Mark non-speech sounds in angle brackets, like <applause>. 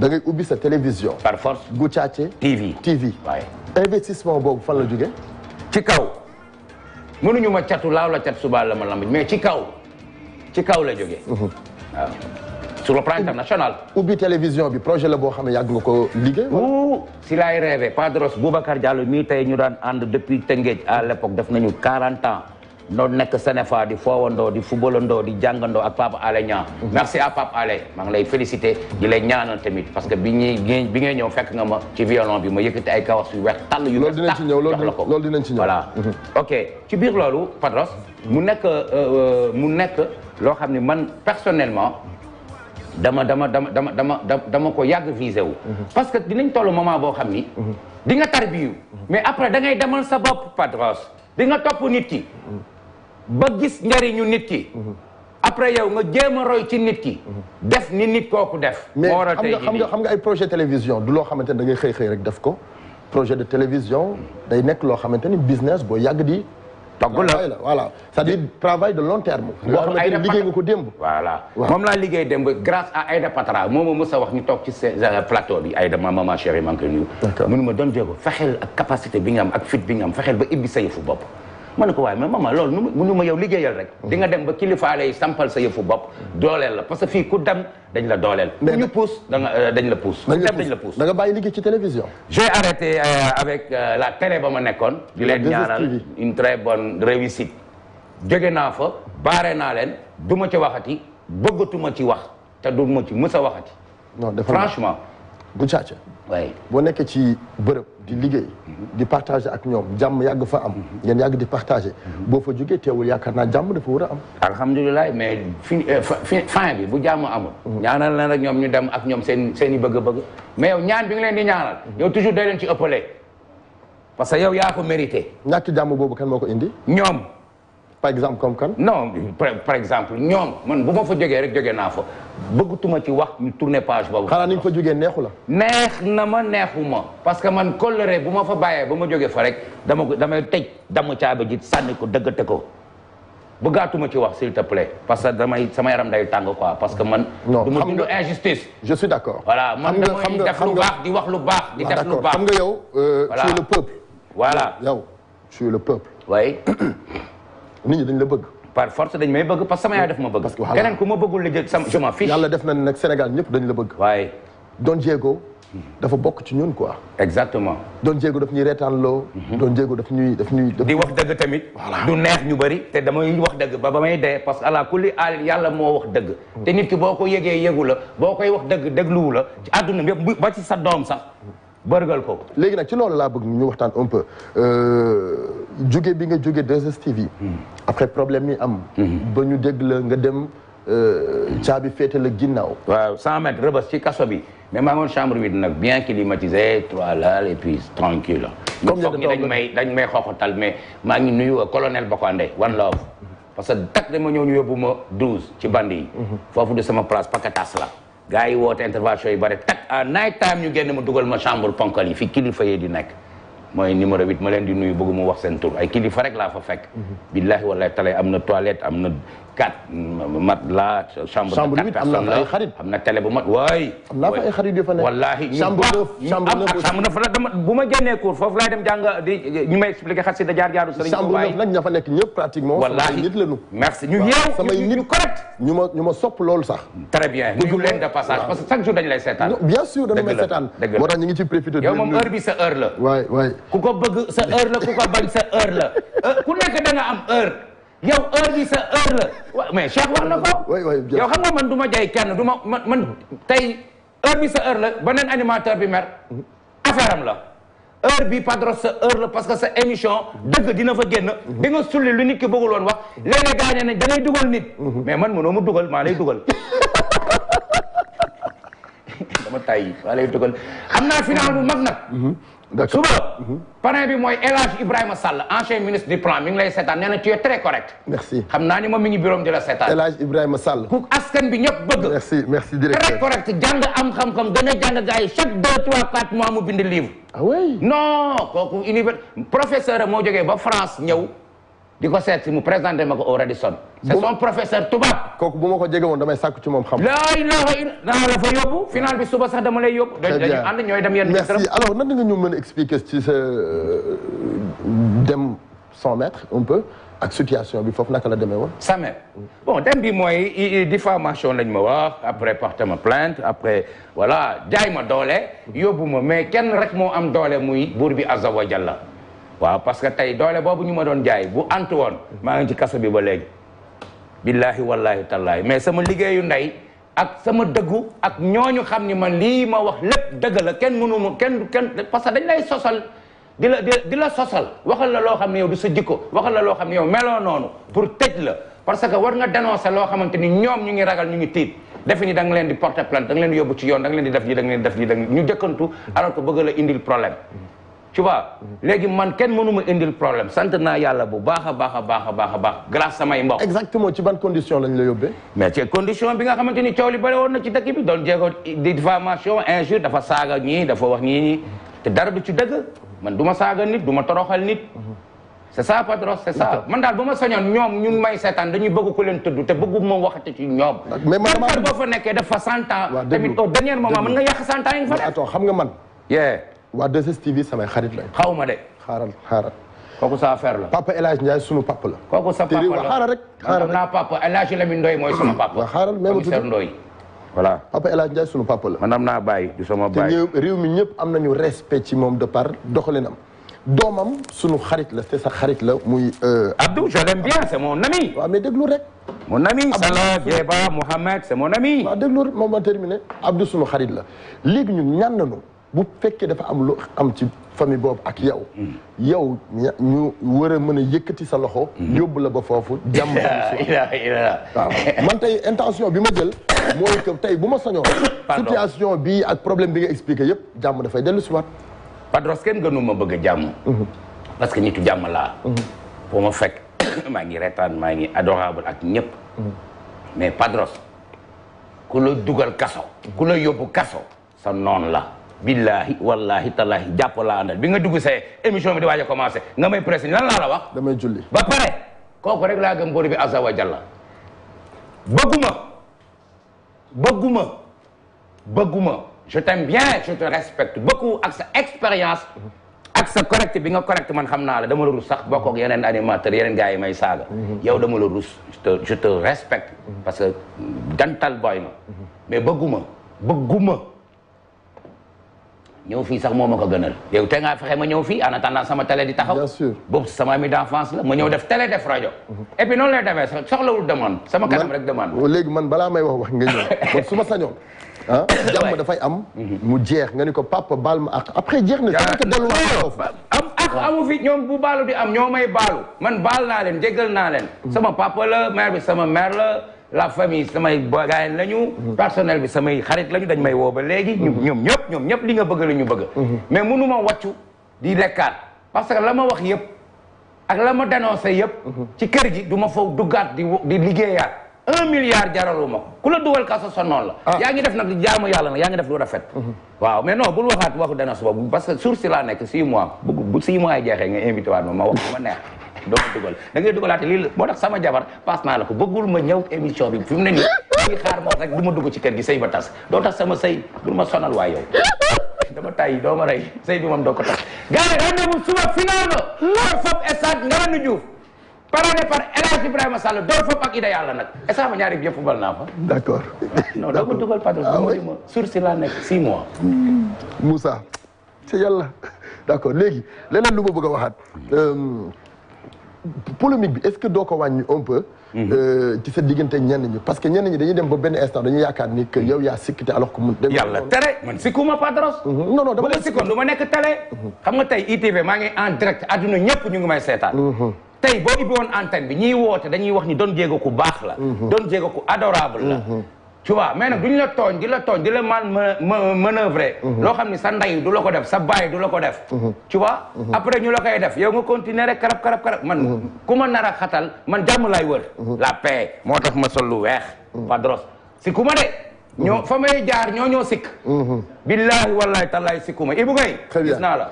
da ngay ubbi sa télévision. par force Guccace. TV TV. waaye investissement boobu fan la jógee. ci kaw mënuñu ma catu laaw la cat suba la ma lamb mais ci kaw ci kaw la jógee. Mhm. waaw sur le international. ubbi télévision bi projet la boo xam ne yàgg nga ko liggéey. wuu si laay rêvé Padros Boubacar Diallo mii tey ñu daan ànd depuis Tëngéej à l'époque def nañu 40 ans. noo nekk Sénéfa di foowandoo di footballandoo di jàngandoo ak Pape Alé Niang mhm. merci à Pape Alé maa ngi lay féliciter di lay ñaanal tamit parce que bi ñuy bi ngay ñëw fekk nga ma ci violon bi ma yëkkati ay kawas yu weex tàll yu weex tàll jox la ko loolu dinañ ci ñëw voilà mhm. ok ci biir loolu Padros mu nekk euh, euh, mu nekk loo xam ne man personnellement dama dama dama dama dama dama ko yàgg visé wu mhm. parce que dinañ toll moment boo xam ni di nga tarbiyu mais après da ngay demal sa bopp Padros di nga topp nit ki ba gis njariñu nit ki. Mhm. après yow nga jéem a roy ci nit ki. Mhm. def ni nit kooku def. moo war a tey mais xam nga xam nga ay projet télévision du loo xamante ne da ngay xëy xëy rek def ko projet de télévision day nekk loo xamante ni business boo yàgg di. togg la voilà c'est-à-dire travail de long terme. boo xamante ni liggéey nga ko démb. voilà moom laa liggéey démb grâce à Aïda Patra moom moo mës a wax ñu toog ci euh, plateau bi Aïda ma maman chérie maa ngi koy nuyu. d'accord mënu ma doon jéego fexeel ak capacité bi nga am ak fit bi nga am fexeel ba ibbi sa yëfu bopp. ma ne ko waaye mais maman loolu nu mu nu ma yow liggéeyal rek mhm. dinga dem ba kilifaale yi sampal sa fu bopp doole la parce que fii ku dem dañ la dooleel ku ñu puus da euh, dañ la puus ku dem dañ la puus da nga bàyyi liggéey ci télévision j'ai euh, avec euh, la télé ba ma nekkoon di leen ñaanal une très bonne réussite jóge naa fa baare naa leen du ma ci waxati bëggatuma ci wax te du ci mës a waxati non franchement du càcc boo nekkee ci bërëb di liggéey mhm. di partage ak ñoom jàmm yàgg fa am mhm. ngeen yàgg di partagé mhm. boo fa jógee teewul yaakaar naa jàmm dafa war a am alhamdulilah mais fi euh, fin bi bu jàmm amul ñaanal na rek ñoom ñu dem ak ñoom seen seen i bëgg-bëgg mais yow ñaan bi nga leen di ñaanal yow toujours day leen ci ëppale parce que yow yaa ko mérité ñàkk jàmm boobu kenn moo ko indi ñoom par exemple comme kan. non par exemple ñoom man bu ma fa jógee rek jógee naa fa bëggatuma ci wax ñu tourner page boobu. xanaa ni ñu fa jógee neexu la. neex na ma neexu ma parce que man colère bu ma fa bàyyee ba ma jógee fa rek dama ko damay tëj damu caabi ji sànni ko dëggate ko bëggaatuma ci wax s'il te plaît parce que damay sama yaram day tàng quoi parce que man. non du ma dund injustice. je suis d'accord. voilà man damay def lu baax di wax lu baax. di def lu baax xam nga yow. voilà euh, tu es le peuple. voilà yow tu es le peuple. oui. <clears throat> nit ñi dañ la bëgg par force dañ may bëgg parce que sama yaay daf ma bëgg keneen ku ma bëggul la jël sama je def na nag Sénégal ñëpp dañ la bëgg waaye Don Diego hmm. dafa bokk ci ñun quoi exactement Don Diego daf ñuy reetaan loo hmm. Don Diego daf ñuy daf ñuy di wax dëgg tamit du neex ñu bëri te damay wax dëgg ba ba may dee parce que ala kulli aal yàlla moo wax dëgg hmm. te nit ki boo ko yëgee yëgu la boo koy wax dëgg dégluwu la ci àdduna bi ba ci sa doom sax bërgal ko. léegi nag ci loolu laa bëgg ñu waxtaan un peu euh, jóge bi nga jóge 2STV. Hmm. après problème mi am. Hmm. ba ñu dégg nga dem euh, caabi féete la ginnaaw. waaw 100 mètres rëbës ci kaso bi mais maa ngoon chambre bi nag bien climatisé trois laal et puis tranquille comme foog ñi dañ may dañ may xoxotal mais maa ngi nuyu colonel Bokande one love hmm. parce que tak dama ñëw ñu yóbbu ma 12 ci bandi yi. foofu de sama place pakatas la. gars yi woote intervention yi bare tak à night time ñu génn mu dugal ma chambre ponkal yi fi kilifa yee di nekk mooy numéro 8 ma leen di nuyu bëgg mu wax seen tur ay kilifa rek laa fa fekk. Mhm. billahi wallahi talay am na toilette am na 4 matelas chambre chambre de 8 am na fa ay xarit am na télé bu mat waay am naa fa ay xarit yu fa nekk wallaahi chambre 9 ah, chambre 9 ah, chambre 9 nag dama bu ma génnee cours foofu laay dem jàng di ñu may expliquer xasi da jaar jaaru sëriñ chambre 9 nag ña fa nekk ñëpp pratiquement wallaahi nit la ñu merci ñu yeew samay nit correct ñu ma ñu ma sopp loolu sax très bien ñu leen de passage parce que chaque jour dañu lay seetaan bien sûr dañu may seetaan moo tax ñu ngi ci profité yow moom heure bi sa heure la waay waay ku ko bëgg sa heure la ku ko bañ sa heure la euh, ku nekk da nga am heure yow heure sa heure la wa mais Cheikh na yow xam nga man du ma jay kenn du ma man man tey heure bi sa heure la beneen animateur bi mer affaire am la heure bi Padros sa heure la parce que sa émission dëgg dina fa génn. di nga lu nit ki bëggul woon wax léeg-léeg gaañee ne da ngay dugal nit. mais man mënoo mu dugal maa lay dugal. <laughs> dama tay maa lay dugal xam naa final bu suba. Mhm. parrain bi mooy El Hadj Ibrahima Sall ancien ministre du plan mi ngi lay seetaan nee na tu es très correct. merci xam naa ni moom di la seetaan. El Hadj Sall. ku askan bi ñëpp bëgg. merci merci directeur très correct jàng am xam-xam gën a jàng gars yi trois quatre mois mu bind livre. ah oui non kooku univers professeur moo jógee ba France ñëw. di ko seet si mu présenté ma ko au Radisson. c'est son professeur tubaab. kooku bu ma ko jege woon damay sàkk ci moom xam. laa ilaaha illa danaa la fa yóbbu final bi suba sax dama lay yóbbu. très bien dañuy ànd ñooy dem yenn merci alors nan nga ñu mën a expliquer ci sa euh, dem 100 mètres un peu ak situation bi foofu naka la demee woon. 100 mètres bon dem bi mooy diffamation lañ ma wax après porté ma plainte après voilà jaay ma doole yóbbu ma mais kenn rek moo am doole muy buur bi azza wa jalla waaw parce que tey doole boobu ñu ma doon jaay bu antu woon maa ngi ci kaso bi ba léegi billaahi wallaahi tallaahi mais sama liggéeyu ndey ak sama dëggu ak ñooñu xam ni man lii ma wax lépp dëgg la kenn mënu mu kenn kenn parce que dañ lay sosal di la di la sosal waxal la loo xam ne yow du sa jikko waxal la loo xam ne yow meloo noonu pour tëj la parce que war nga dénoncer loo xamante ni ñoom ñu ngi ragal ñu ngi tiit defe ni da nga leen di porter plainte da leen yóbbu ci yoon da nga leen di def ji da leen di def ji da ñu jëkkantu alors que bëgg la indil problème tu vois man kenn mënu ma indil problème sant naa yàlla bu baax a baax a baax a baax a baax grâce samay mbokk. exactement ci ban condition lañ la yóbbee. mais ci condition bi nga xamante ni coow li bëri woon na ci dëkk bi dafa saaga ñii dafa wax ñii te dara du ci dëgg man du ma saaga nit du ma toroxal nit. c'est ça patron c'est man daal ba ma sañoon ñoom ñun may seetaan dañuy bëgg ku leen tudd te bëggu ma waxati ci ñoom. mais man boo fa nekkee dafa cent ans. tamit au dernier moment mën nga yàq cent ans yi nga fa xam nga man. waa 2STV samay xarit lañ. xaw ma de. xaaral xaaral. kooku la. papa El Hadj Ndiaye sunu papa la. kooku sa papa la xaaral rek. xaaral rek naa mooy sama papa. waaw xaaral même tuuti Ndoye. voilà papa El Hadj Ndiaye papa la. man am naa bàyyi du sama bàyyi. réew mi ñëpp am nañu respect ci moom de par doxalinam. doomam sunu xarit la te sa xarit la muy. Euh, Abdou je l'aime bien c'est mon ami. waaw mais déglu rek. mon ami Salah Djeba Mohamed c'est mon ami. waaw déglu moom ma terminé Abdou sunu xarit la léegi ñun ñaan nañu bu fekkee dafa am lu am ci famille boobu ak yow. yow ñu war a mën a yëkkati sa loxo. yóbbu la ba foofu jàmm. <laughs> waaw man tey intention bi ma jël. moo que tey bu ma sañoon. situation bi ak problème bi nga expliqué yëpp jàmm dafay dellu si waat. Padros kenn gënu ma bëgg a jàmm. Mhm. parce que nitu jàmm laa. boo mhm. ma fekk <coughs> maa ngi retaan maa ngi adorable ak ñëpp. Mhm. mais Padros ku la dugal kaso. ku la yóbbu kaso sa noon la. billahi wallahi tallahi jàpp laa àndal bi nga dugg see émission bi di waaj commencé nga may presse lan laa la wax. damay julli ba pare kooku rek laa gëm boori bi azza wa jalla bëgguma bëgguma bëgguma je t'aime bien je te respecte beaucoup ak sa expérience ak sa correct bi nga correct man xam naa la dama la rus sax bokk ak yeneen animateur yeneen gars may saaga mhm. yow dama la rus je te respecte mhm. parce que gantal boy mhm. mais bëgguma bëgguma ñëw fii sax moo ma ko gënal. yow te ngaa fexe ma ñëw fii en attendant sama télé di taxaw. bien sûr boobu sama ami la ma ñëw def télé def rajo. Mhm. et puis noonu lay demee sax soxlawul sama kanam rek demande. léegi man balaa may wax nga ñëw <laughs> ah, mhm. mu jeex nga ni ko papa baal ma ak après jeex na. jaaraama jaaraama waaw am ak amu fi bu baalu di am ñoo may baalu. man baal naa leen jégal naa leen. Mhm. sama papa la mère bi sama mère la. la famille samay bagaay lañu. Mhm. personnel bi samay xarit lañu dañ may woo ba léegi. ñoom mhm. ñëpp ñoom ñëpp li nga bëgg la ñu bëgg. Mhm. mais mënu ma wàccu di lekkaat parce que la ma wax yëpp ak la ma dénoncé yëpp. ci kër gi du ma faw duggaat di di liggéeyaat un milliard jaralu ma ko ku la dugal kaso sa noonu la. Ah. yaa ngi def nag jaamu yàlla nag yaa ngi def lu rafet. waaw mais non bul waxaat waxu dénoncé boobu parce que source laa nekk six mois bu six mois yi jeexee nga invité waat ma ma doo dugal da ngay dugalaate lii moo tax sama jabar passe naa la ko bëggul ma ñëw émission bi fi mu ne nii lii xaar moom rek du ma dugg ci kër gi say ba tas doo tax sama sëy bul ma sonal waay yow dama tay doo ma rey sëy bi moom doo ko tas gars yi rendez-vous suba final ba door fop stade Ngalandou Diouf parrainé par El ak Ida Yàlla nag esa ma ñaari bi yëpp fubal naa fa d'accord non doo ah ma dugal patron du ma sursi laa nekk six mois Moussa ci yàlla d'accord léegi leneen lu ma bëgg a waxaat euh, polémique bi est-ce que doo ko wàññi un peu. Mhm. Euh, ci sa diggante ñenn ñi parce que ñenn ñi dañuy dem ba benn instant dañuy yaakaar ni que mhm. yow yaa sikkite alors que mu. dem yàlla man sikkuma Padros. Mhm. non sikkoon du ma nekk télé. xam nga tey ITV maa ngi en direct adduna ñëpp ñu ngi may seetaan. tey boo ubbi woon antenne bi ñiy woote dañuy wax ñi Don Diego ku baax la. Don Diego ku adorable la. tu vois mais nag duñ la tooñ di la tooñ di la man manœuvrer mhm. loo xam ni sa ndey du la ko def sa baay du la ko def mhm. tu vois mhm. après ñu la koy def yow nga continuer rek karab karab karab man ku ma nara a xatal man jàmm laay wër la moo tax ma sol lu weex padros si ku ma de ñoo fa may jaar ñoo ñoo sikk billaahi wallaahi tallaahi sikkuma Ibou Guèye gis naa la